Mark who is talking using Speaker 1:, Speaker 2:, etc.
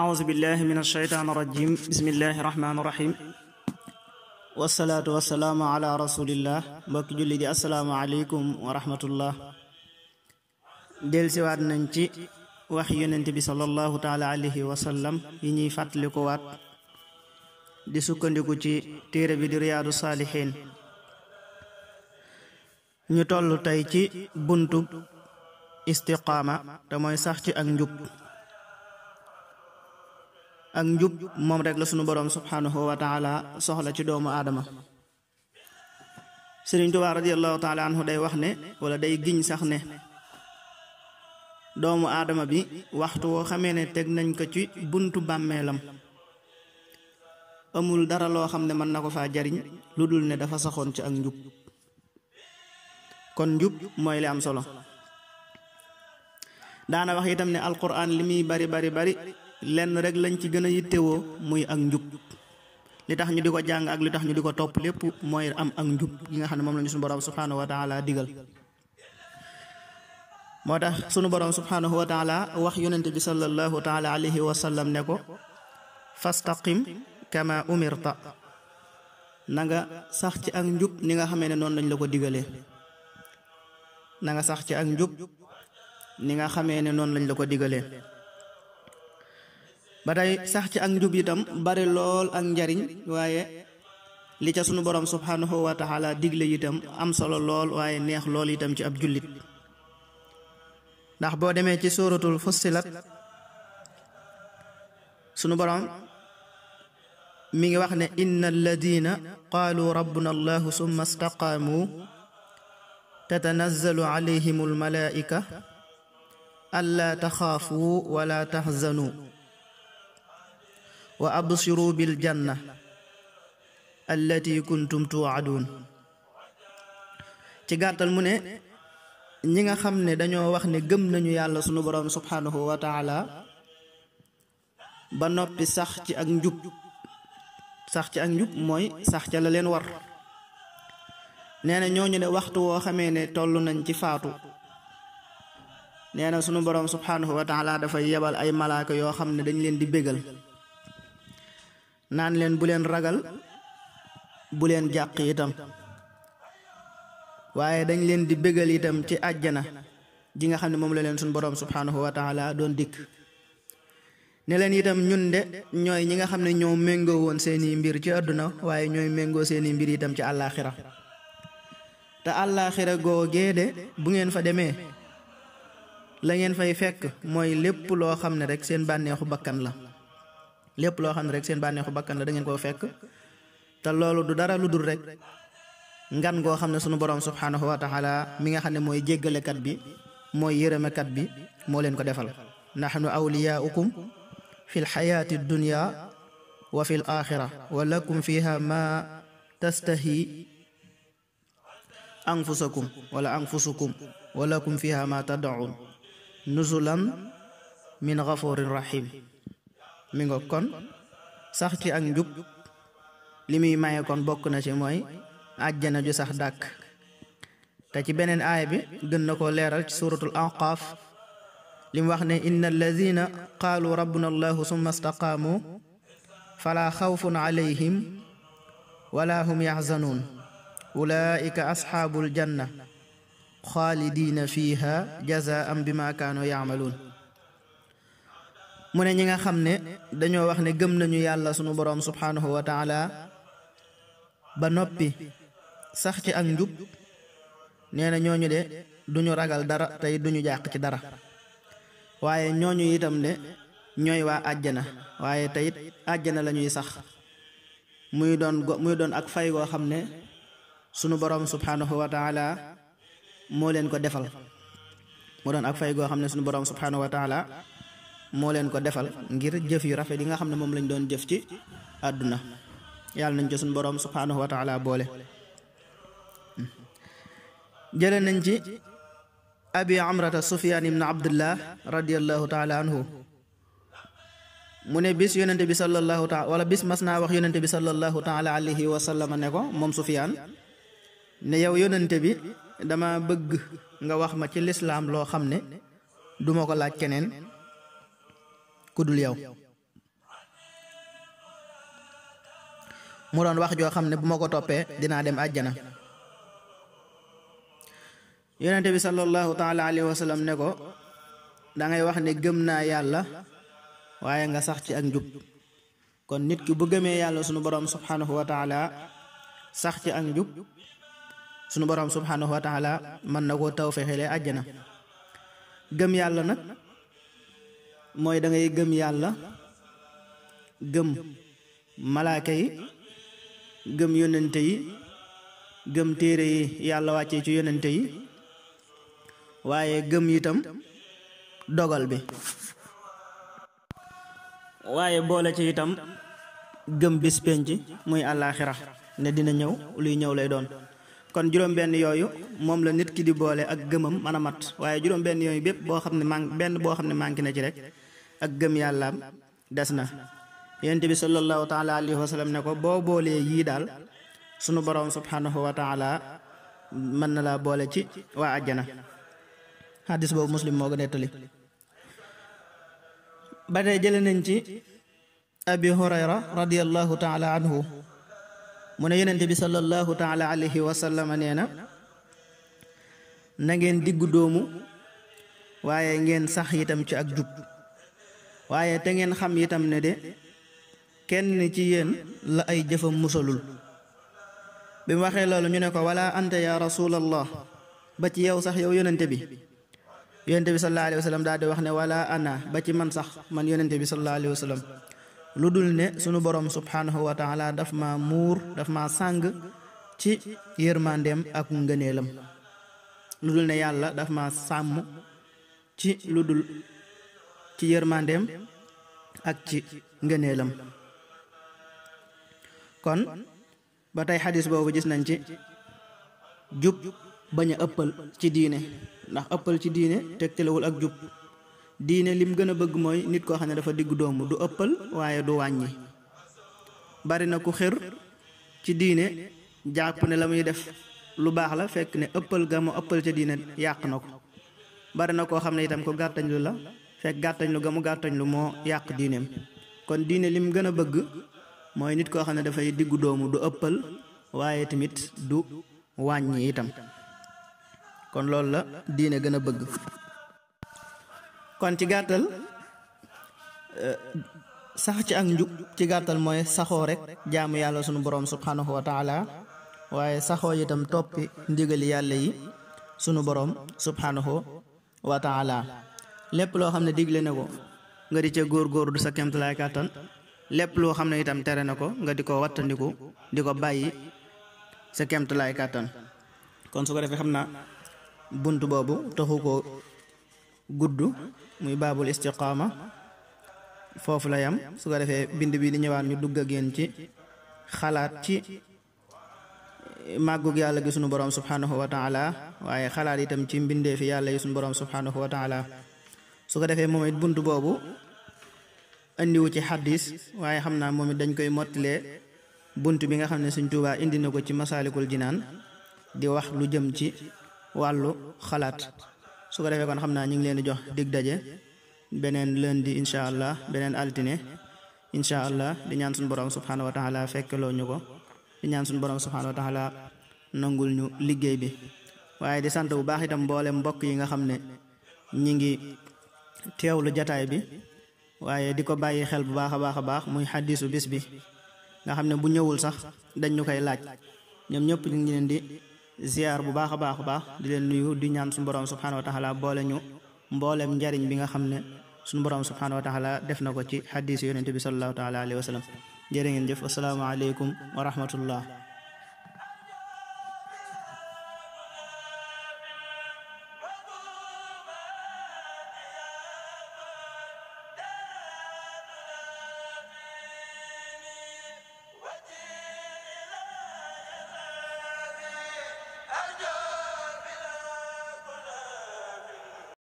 Speaker 1: أعوذ بالله من الشيطان الرجيم بسم الله الرحمن الرحيم wasalaatu wasalaamu ala rasulillah mbokki julli di asalaamaaleykum wa rahmatullah delsiwaat nañ ci wax yonent bi salallahu taala alayhi wa yi ñuy fàttaliku waat di sukkandiku ci téere bi di riyaadu saalihiin ñu toll tey ci buntu istiqaama te sax ci ak njub ak njub moom rek la sunu boroom subhanahu wa taala soxla ci doomu aadama sëriñ Tuubaa radiyallahu taala anhu day wax ne wala day giñ sax ne doomu aadama bi waxtu woo xamee ne teg nañ ko ci buntu bàmmeelam amul dara loo xam ne mën na ko faa jariñ lu dul ne dafa saxoon ci ak njub kon njub mooy li am solo daana wax itam ne alquran li muy bari bari bari lenn rek lañ ci gën a yittewoo muy ak njub li tax ñu di ko jàng ak li tax ñu di ko topp lépp mooy am ak njub gi nga xam ne moom la ñu suñu borom subhanahu wa taala digal moo sunu borom subhanahu wa taala wax yonente bi sallallahu taala alayhi wa sallam ne ko fastaqim kama umirta na nga sax ci ak njub ni nga xamee ne noonu lañ la ko digalee nanga sax ci ak njub ni nga xamee ne noonu lañ la ko digalee ba tey sax ci ak njub itam bari lool ak njariñ waaye li ca sunu borom subhanahu wa taala digle itam am solo lool waaye neex lool itam ci ab jullit ndax boo demee ci suratul fussilat sunu borom mi ngi wax ne inna alladina qaalu rabbuna allahu summa istaqaamu tatanazzalu alayhim almalaika an laa taxaafuu wala taxzanuu wa absiru bil janna allati kuntum tuadun ci gàttal mu ne ñi nga xam ne dañoo wax ne gëm nañu yàlla sunu boroom subhanahu wa taala ba noppi sax ci ak njub sax ak njub mooy sax ca la leen war nee na ñooñu ne waxtu woo xamee ne toll nañ ci faatu nee na sunu boroom subhanahu wa taala dafay yebal ay malaaka yoo xam ne dañu leen di bégal naan leen bu leen ragal bu leen jàq itam waaye dañ leen di bëggal itam ci àjjana ji nga xam ne moom la leen suñu boroom subhaanahu wa taala doon dikk ne leen itam ñun de ñooy ñi nga xam ne ñoo méngoo woon seeni mbir ci àdduna waaye ñooy méngoo seeni mbir itam ci àllaaxira te àllaaxira googee de bu ngeen fa demee la ngeen fay fekk mooy lépp loo xam ne rek seen bànneexu bakkan la lépp loo xam ne rek seen bànneexu bakkan la da koo fekk te loolu du dara lu dul rek ngan goo xam ne sunu borom subhanahu wa taala mi nga xam ne mooy jéggalekat bi mooy yërëmekat bi moo leen ko defal nahnu awliyaukum fi lxayaati dunya wa fi l wa lakum fiha ma tastahi anfusakum wala anfusukum wa lakum fiha ma tadaun nuzulan min gafurin rahim mi nga kon sax ci ak njub li muy maye kon bokk na ci mooy àjjana ju sax dàkk te ci beneen aaya bi gën na ko leeral suuratu suuratul anqaaf wax ne inna alladina qaalu rabbuna allahu summa staqaamu fala xawfun alayhim wala hum yaxzanuun ulaika asxaabul janna xaalidiina fiiha jazaan bima kaanu yacmaluun mu ne ñi nga xam ne dañoo wax ne gëm nañu yàlla sunu boroom subhaanahu wa ba noppi sax ci ak njub nee na ñooñu de duñu ragal dara tey duñu jàq ci dara waaye ñooñu itam de ñooy waa àjjana waaye teyit àjjana la ñuy sax muy doon muy doon ak fay goo xam ne sunu boroom subhaanahu wa taala moo leen ko defal mu doon ak fay goo xam ne sunu boroom subhaanahu wa moo leen ko defal ngir jëf yu rafet yi nga xam ne moom lañu doon jëf ci àdduna yàlla nañ ci suñ boroom subhaanahu wa taala boole jële nañ ci abi amrata sufyaan ibn abdullah radiallahu taala anhu mu ne bis yonente bi sallallahu taala wala bis mas naa wax yonente bi sallallahu taala alayhi wa sallam ne ko moom sufyaan ne yow yonente bi dama bëgg nga wax ma ci lislaam loo xam ne duma ko laaj keneen ku mu doon wax joo xam ne bu ma ko toppee dinaa dem àjjana yonente bi sallallahu taala alayhi wa ne ko dangay wax ne gëm naa yàlla waaye nga sax ci ak njub kon nit ki bu gëmee yàlla sunu borom subhanahu wa taala sax ci ak njub sunu borom subhanahu wa mën na koo taw fexelee àjjana gëm yàlla nag mooy dangay gëm yàlla gëm malaaka yi gëm yonente yi gëm téere yi yàlla wàccee ci yonente yi waaye gëm itam dogal bi waaye boole ci itam gëm bis penc muy àllaaxira ne dina ñëw luy ñëw lay doon kon juróom benn yooyu moom la nit ki di boole ak gëmam mën a mat waaye juróom benn yooyu bépp boo xam ne man benn boo xam ne manqué na ci rek ak gëm yàllaam des na yonent bi sallallahu taala alayhi wa sallam ne ko boo boolee yii daal sunu borom subhanahu wa taala mën na laa boole ci waa àjjana xaddis boobu muslim moo ko nettali ba tey jële ci abi hurayra radiallahu taala anhu mu ne yonent bi sallallahu taala alayhi wa nee na na ngeen diggu doomu waaye ngeen sax itam ci ak jub waaye te ngeen xam tam ne de kenn ci yéen la ay jëfam musalul bi mu waxee loolu ñu ne ko wala anta ya rasulallah ba ci yow sax yow yonente bi yonente bi sallallahu alayhi wa daal di wax ne wala ana ba ci man sax man yonente bi sallallahu alayhi lu dul ne sunu borom subhanahu wa taala daf ma muur dafa ma sàng ci yërmandeem ak ngëneelam lu dul ne yàlla daf ma sàmm ci lu dul ci yërmandeem ak ci ngëneelam kon ba tey xadis boobu gis nañ ci jub bañ a ëppal ci diine ndax ëppal ci diine tegtalewul ak jub diine lim gën a bëgg mooy nit koo xam ne dafa diggu doomu du ëppal waaye du wàññi bari na ku xër ci diine jàpp ne la muy def lu baax la fekk ne ëppal ga mu ëppal ca diine yàq na ko bari na koo xam ne itam ko gàttañlu la fekk gàttañ lu mu gàttañ lu moo yàq diineem kon diine lim gën a bëgg mooy nit koo xam ne dafay diggu doomu du ëppal waaye tamit du wàññi itam kon loolu la diine gën a bëgg kon ci gàttal euh, sax ci ak njub ci gàttal mooy saxoo rek jaamu yàlla sunu borom subhanahu wa taala waaye saxoo itam toppi ndigali yàlla yi sunu borom subhanahu wa lépp loo xam ne digle na ko nga di ce góor-góor du sa kemtalaay kàttan lépp loo xam ne itam tere na ko nga di ko wattandiku di ko bàyyi sa kemtalaay kàttan kon su ko defee xam na bunt boobu taxu ko gudd muy baabul istiqaama foofu la yam su ko defee bind bi di ñëwaat ñu dugg a génn ci xalaat ci màggug yàlla gi sunu borom subhanahu wa taala waaye xalaat itam ci mbindeefi yàlla yi sunu borom subhanahu wa su ko defee moom it bunt boobu indiwu ci xaddis waaye xam naa moom it dañ koy mottilee bunt bi nga xam ne suñ Tuubaa indi na ko ci masaalikul jinaan di wax lu jëm ci wàllu xalaat su ko defee kon xam naa ñu ngi leen di jox dig daje beneen lundi incha allah beneen altine incha allah di ñaan suñu borom subhanahu wa taala fekkeloo ñu ko di ñaan suñ borom subhanahu wa taala nangul ñu liggéey bi waaye di sant bu baax itam mboolem mbokk yi nga xam ne ñi ngi teewlu jataay bi waaye di ko bàyyi xel bu baax a baax a baax muy xaddiisu bis bi nga xam ne bu ñëwul sax dañ ñu koy laaj ñoom ñëpp ñu ngi leen di ziar bu baax a baax a baax di leen nuyu di ñaan suñu borom subhanahu wa taala boole ñu mbooleem njariñ bi nga xam ne su borom subhanahu wa taala def na ko ci xaddiisu yonente bi sallallahu taala alayhi wa sallam jërë ngeen jëf asalaamaaleykum wa